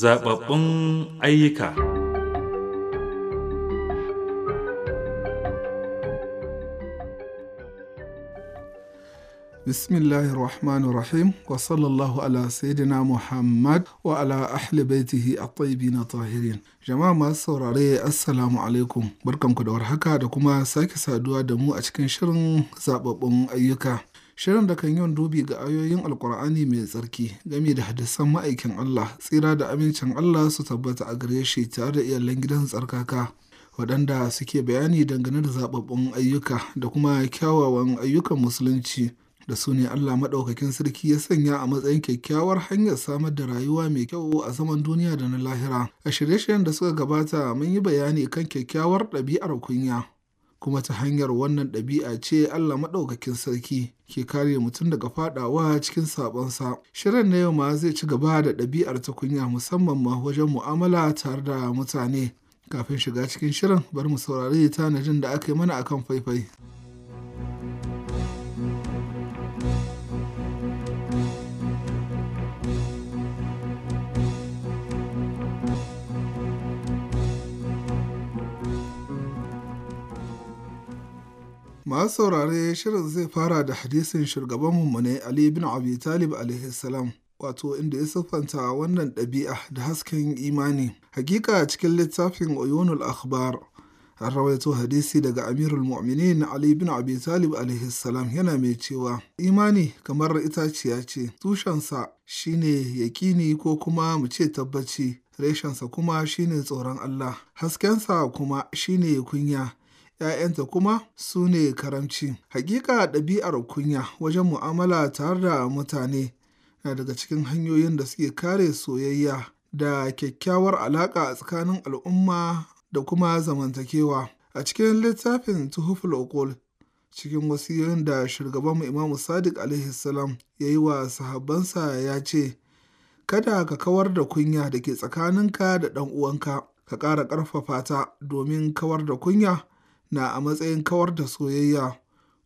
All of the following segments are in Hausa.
zababbun ayyuka bismillahir rahmanir rahim wa sallallahu ala sayyidina muhammad wa ala ahli baitihi at-tayyibin tahirin jama'a masu saurare assalamu alaikum barkanku da warhaka da kuma sake saduwa da mu a cikin shirin zababbun ayyuka Shirin da kan yin dubi ga ayoyin Alkur'ani mai tsarki game da hadisan ma'aikin Allah, tsira da amincin Allah su tabbata a gare shi tare da iyalan gidan tsarkaka, waɗanda suke bayani dangane da zaɓaɓɓun ayyuka da kuma kyawawan ayyukan musulunci da su ne Allah maɗaukakin sarki ya sanya a matsayin kyakkyawar hanyar samar da rayuwa mai kyau a zaman duniya da na lahira. A shirye-shiryen da suka gabata mun yi bayani kan kyakkyawar ɗabi'ar kunya. kuma ta hanyar wannan ɗabi'a ce Allah maɗaukakin sarki ke kare mutum daga faɗawa cikin saɓonsa. Shirin na yau ma zai ci gaba da ɗabi'ar ta kunya musamman ma wajen mu'amala tare da mutane. Kafin shiga cikin shirin bar mu saurari tanadin da aka yi mana akan faifai. masu saurare shirin zai fara da hadisin shugaban mummune Ali bin Abi Talib alaihi salam wato inda ya siffanta wannan ɗabi'a da hasken imani. Hakika cikin littafin Oyonul Akhbar an rawaito hadisi daga Amirul Mu'minin Ali bin Abi Talib alaihi salam yana mai cewa imani kamar itaciya ce tushensa shine yaƙini ko kuma mu ce tabbaci reshensa kuma shine tsoron Allah haskensa kuma shine kunya ‘ya'yanta kuma su ne karamci. Hakika ɗabi'ar kunya wajen mu'amala tare da mutane na daga cikin hanyoyin da suke kare soyayya da kyakkyawar alaƙa a tsakanin al'umma da kuma zamantakewa. A cikin littafin Tuhuful Okul, cikin wasiyoyin da shugabanmu Imamu Sadiq alaihi salam ya yi wa sahabbansa ya ce, Kada ka kawar da kunya da ke tsakaninka da ɗan uwanka, ka ƙara ƙarfafa ta domin kawar da kunya na a matsayin kawar da soyayya,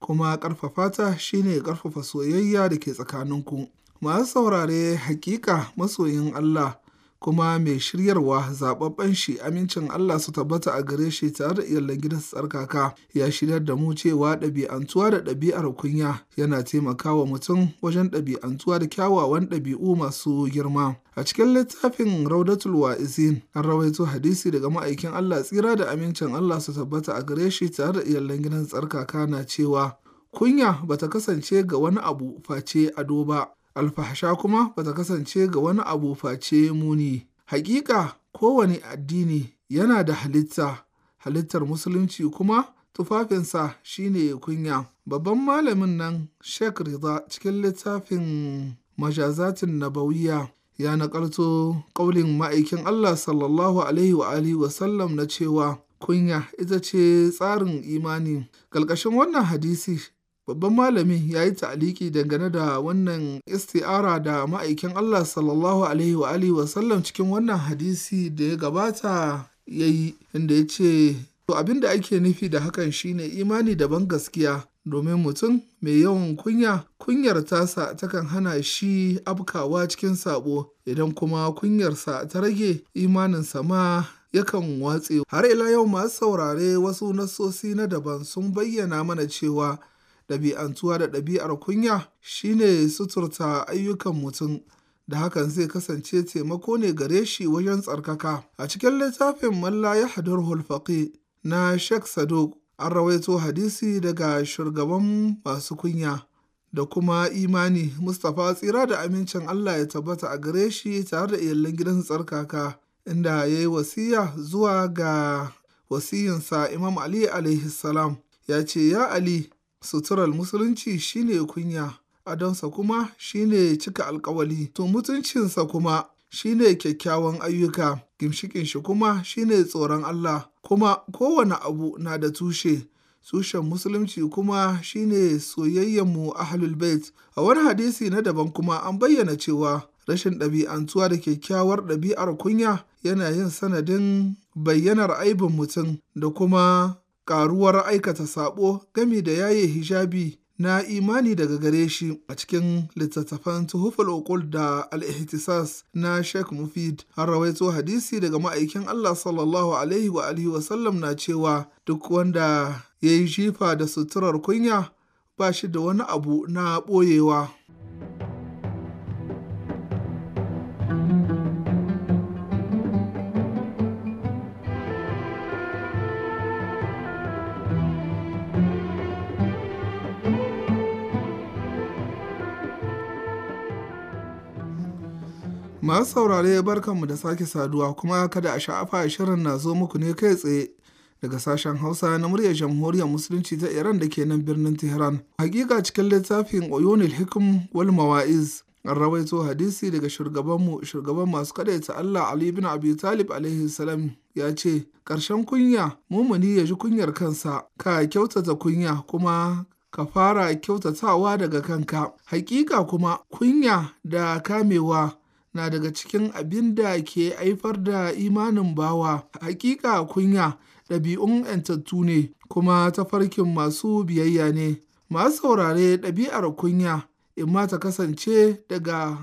kuma ƙarfafata ta shi ne ƙarfafa soyayya da ke tsakaninku. Masu saurare, hakika masoyin Allah kuma mai shiryarwa zaɓaɓɓen shi amincin Allah su tabbata a gare shi tare da iyalan gidansa tsarkaka ya shiryar da mu cewa ɗabi'antuwa da ɗabi'ar kunya yana taimakawa mutum wajen ɗabi'antuwa da kyawawan ɗabi'u masu girma a cikin littafin raudatul wa'izin an rawaito hadisi daga ma'aikin Allah tsira da amincin Allah su tabbata a gare shi tare da iyalan gidansa tsarkaka na cewa kunya bata kasance ga wani abu face ado ba Alfahasha kuma ba ta kasance ga wani abu face muni hakika kowane addini yana da halitta halittar musulunci kuma tufafinsa shine kunya babban malamin nan sheikh rida cikin littafin majazatin nabawiya ya nakalto ƙaulin ma'aikin allah sallallahu alaihi wa alihi wa na cewa kunya ita ce tsarin imani ƙarƙashin wannan hadisi Babban malamin ya yi ta'aliki dangane da wannan isti'ara da ma'aikin Allah sallallahu alaihi wa alihi wa sallam cikin wannan hadisi da ya gabata ya yi inda ya ce to abin da ake nufi da hakan shine imani daban gaskiya domin mutum mai yawan kunya kunyar tasa takan hana shi abkawa cikin sabo idan kuma kunyarsa ta rage imaninsa ma yakan watse har ila yau masu saurare wasu nasosi na daban sun bayyana mana cewa ɗabi'antuwa da ɗabi'ar kunya shine suturta ayyukan mutum da hakan zai kasance taimako ne gare shi wajen tsarkaka. A cikin littafin Malla ya hadar hulfaƙi na shek saduk an rawaito hadisi daga shugaban masu kunya da kuma imani Mustapha tsira da amincin Allah ya tabbata a gare shi tare da iyalan gidan tsarkaka inda ya yi wasiya zuwa ga wasiyinsa Imam Ali alaihi salam ya ce ya Ali Suturar Musulunci shine kunya, adonsa kuma shine cika alkawali, to mutuncinsa kuma shine kyakkyawan ayyuka, gimshikin shi kuma shine tsoron Allah, kuma kowane abu na da tushe. Tushen Musulunci kuma shine soyayyenmu ahlul bait. A wani hadisi na daban kuma an bayyana cewa rashin ɗabi'antuwa da kyakkyawar ɗabi'ar kunya yana yin sanadin bayyanar aibin mutum da kuma ƙaruwar aikata saɓo gami da yaye hijabi na imani daga gare shi a cikin littattafan tuhuful okul da al na sheik Mufid har rawaito hadisi daga ma'aikin Allah sallallahu alaihi wa alihi wa na cewa duk wanda ya yi jifa da suturar kunya ba shi da wani abu na ɓoyewa. Masu saurare barkanmu da sake saduwa kuma kada a sha'afa shirin na zo muku ne kai tsaye daga sashen Hausa na muryar Jamhuriyar Musulunci ta Iran da ke nan birnin Tehran. Hakika cikin littafin Oyonil Hikim wal Mawa'iz an rawaito hadisi daga shugabanmu shugaban masu ta Allah Ali bin Abi Talib alaihi salam ya ce ƙarshen kunya mumuni ya ji kunyar kansa ka kyautata kunya kuma ka fara kyautatawa daga kanka hakika kuma kunya da kamewa na daga cikin abin da ke haifar da imanin bawa, hakika kunya ɗabi'un ‘yantattu ne, kuma tafarkin masu biyayya ne. Masu saurare ɗabi'ar kunya, in ma ta kasance daga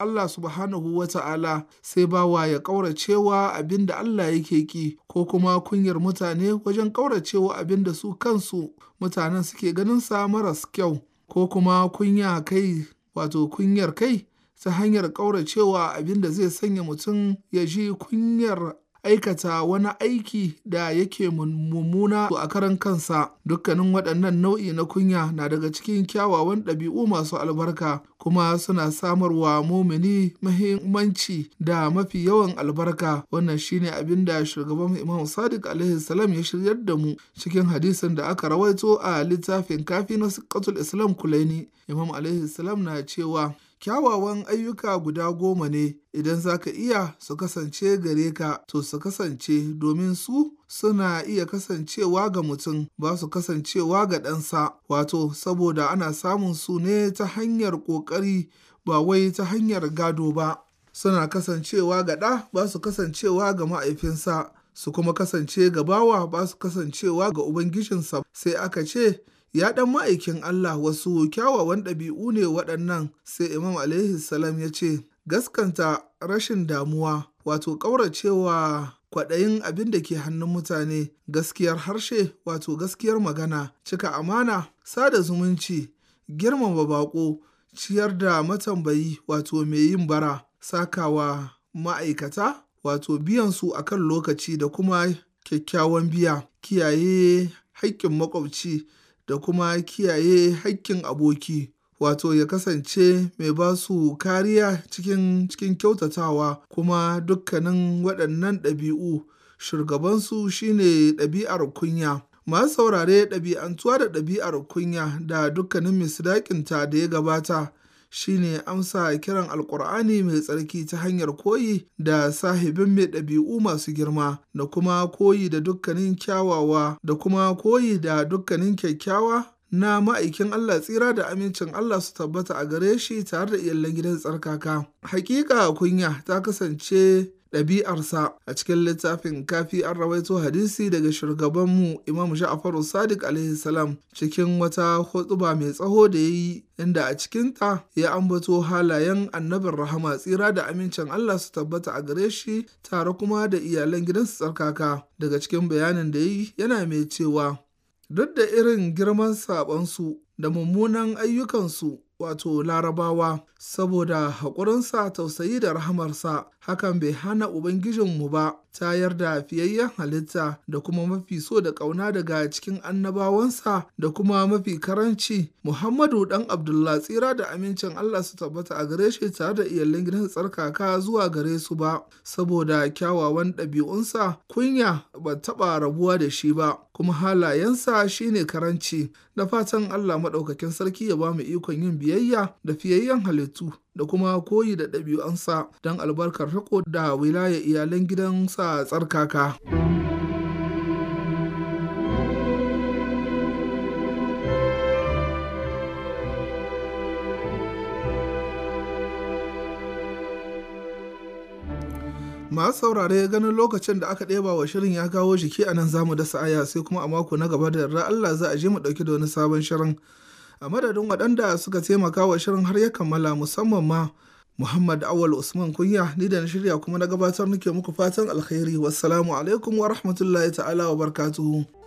Allah subhanahu wa ta'ala sai bawa ya ƙauracewa abin da Allah yake ƙi ko kuma kunyar mutane wajen ƙauracewa abin da su kansu mutanen suke ganin sa maras kyau ko kuma kunya kai wato kunyar kai ta hanyar ƙauracewa abin da zai sanya mutum ya ji kunyar aikata wani aiki da yake mummuna a karan kansa dukkanin waɗannan nau'i na kunya na daga cikin kyawawan ɗabi'u masu albarka kuma suna samarwa mumini muhimmanci da mafi yawan albarka wannan shine abin da shugaban imam sadiq alaihi ya shiryar da mu cikin hadisin da aka rawaito a littafin kafi na sikatul islam kulaini imam alaihi na cewa kyawawan ayyuka guda goma ne idan za ka iya su kasance gare ka to su kasance domin su suna iya kasancewa ga mutum ba su kasancewa ga ɗansa wato saboda ana samun su ne ta hanyar ƙoƙari ba wai ta hanyar gado ba suna kasancewa ga ɗa ba su kasancewa ga ma'aifinsa su kuma kasance ga bawa ba su kasancewa ga ubangijinsa sai aka ce ya ɗan ma'aikin Allah wasu kyawawan ɗabi'u ne waɗannan sai Imam alaihi salam ya ce gaskanta rashin damuwa wato ƙauracewa kwaɗayin abin da ke hannun mutane gaskiyar harshe wato gaskiyar magana cika amana sada zumunci girmama baƙo ciyar da matambayi wato mai yin bara sakawa ma'aikata wato biyan su akan lokaci da kuma kyakkyawan biya kiyaye haƙƙin maƙwabci da kuma kiyaye haƙƙin aboki, wato ya kasance mai ba su kariya cikin cikin kyautatawa kuma dukkanin waɗannan ɗabi'u shugabansu shine ɗabi'ar kunya. Masu saurare ɗabi'antuwa da ɗabi'ar kunya da dukkanin misdaƙinta da ya gabata shine amsa kiran alkur'ani mai tsarki ta hanyar koyi da sahibin mai ɗabi'u masu girma da kuma koyi da dukkanin kyawawa da kuma koyi da dukkanin kyakkyawa na ma'aikin Allah tsira da amincin Allah su tabbata a gare shi tare da iyalan gidan tsarkaka. Hakika kunya ta kasance ɗabi'arsa a cikin littafin kafi an rawaito hadisi daga shugabanmu imam ja'faru sadiq alaihi cikin wata hutuba mai tsaho da ya yi inda a cikin ta ya ambato halayen annabin rahama tsira da amincin allah su tabbata a gare shi tare kuma da iyalan gidansu tsarkaka daga cikin bayanin da ya yi yana mai cewa duk da irin girman sabonsu da mummunan ayyukansu wato larabawa saboda haƙurinsa tausayi da rahamarsa hakan bai hana ubangijinmu ba tayar da fiyayyen halitta da kuma mafi so da ƙauna daga cikin annabawansa da kuma mafi karanci muhammadu dan abdullah tsira da amincin allah su tabbata a gare shi tare da iyalin gidan tsarkaka zuwa gare su ba saboda kyawawan ɗabi'unsa kunya ba taɓa rabuwa da shi ba kuma halayensa shine karanci na fatan Allah maɗaukakin sarki ya ba mu ikon yin biyayya da fiyayyen halittu da kuma koyi da ɗabi'unsa don albarkar riko da wilaya iyalan gidansa tsarkaka. Ma saurare ganin lokacin da aka ɗeba wa shirin ya kawo jiki a nan za mu dasa aya sai kuma a mako na gaba da yarda Allah za a je mu ɗauki da wani sabon shirin a madadin waɗanda suka taimaka wa shirin har ya kammala musamman ma Muhammad Awal Usman Kunya ni da na shirya kuma na gabatar nake muku fatan alkhairi wassalamu alaikum wa rahmatullahi ta'ala wa barkatuhu.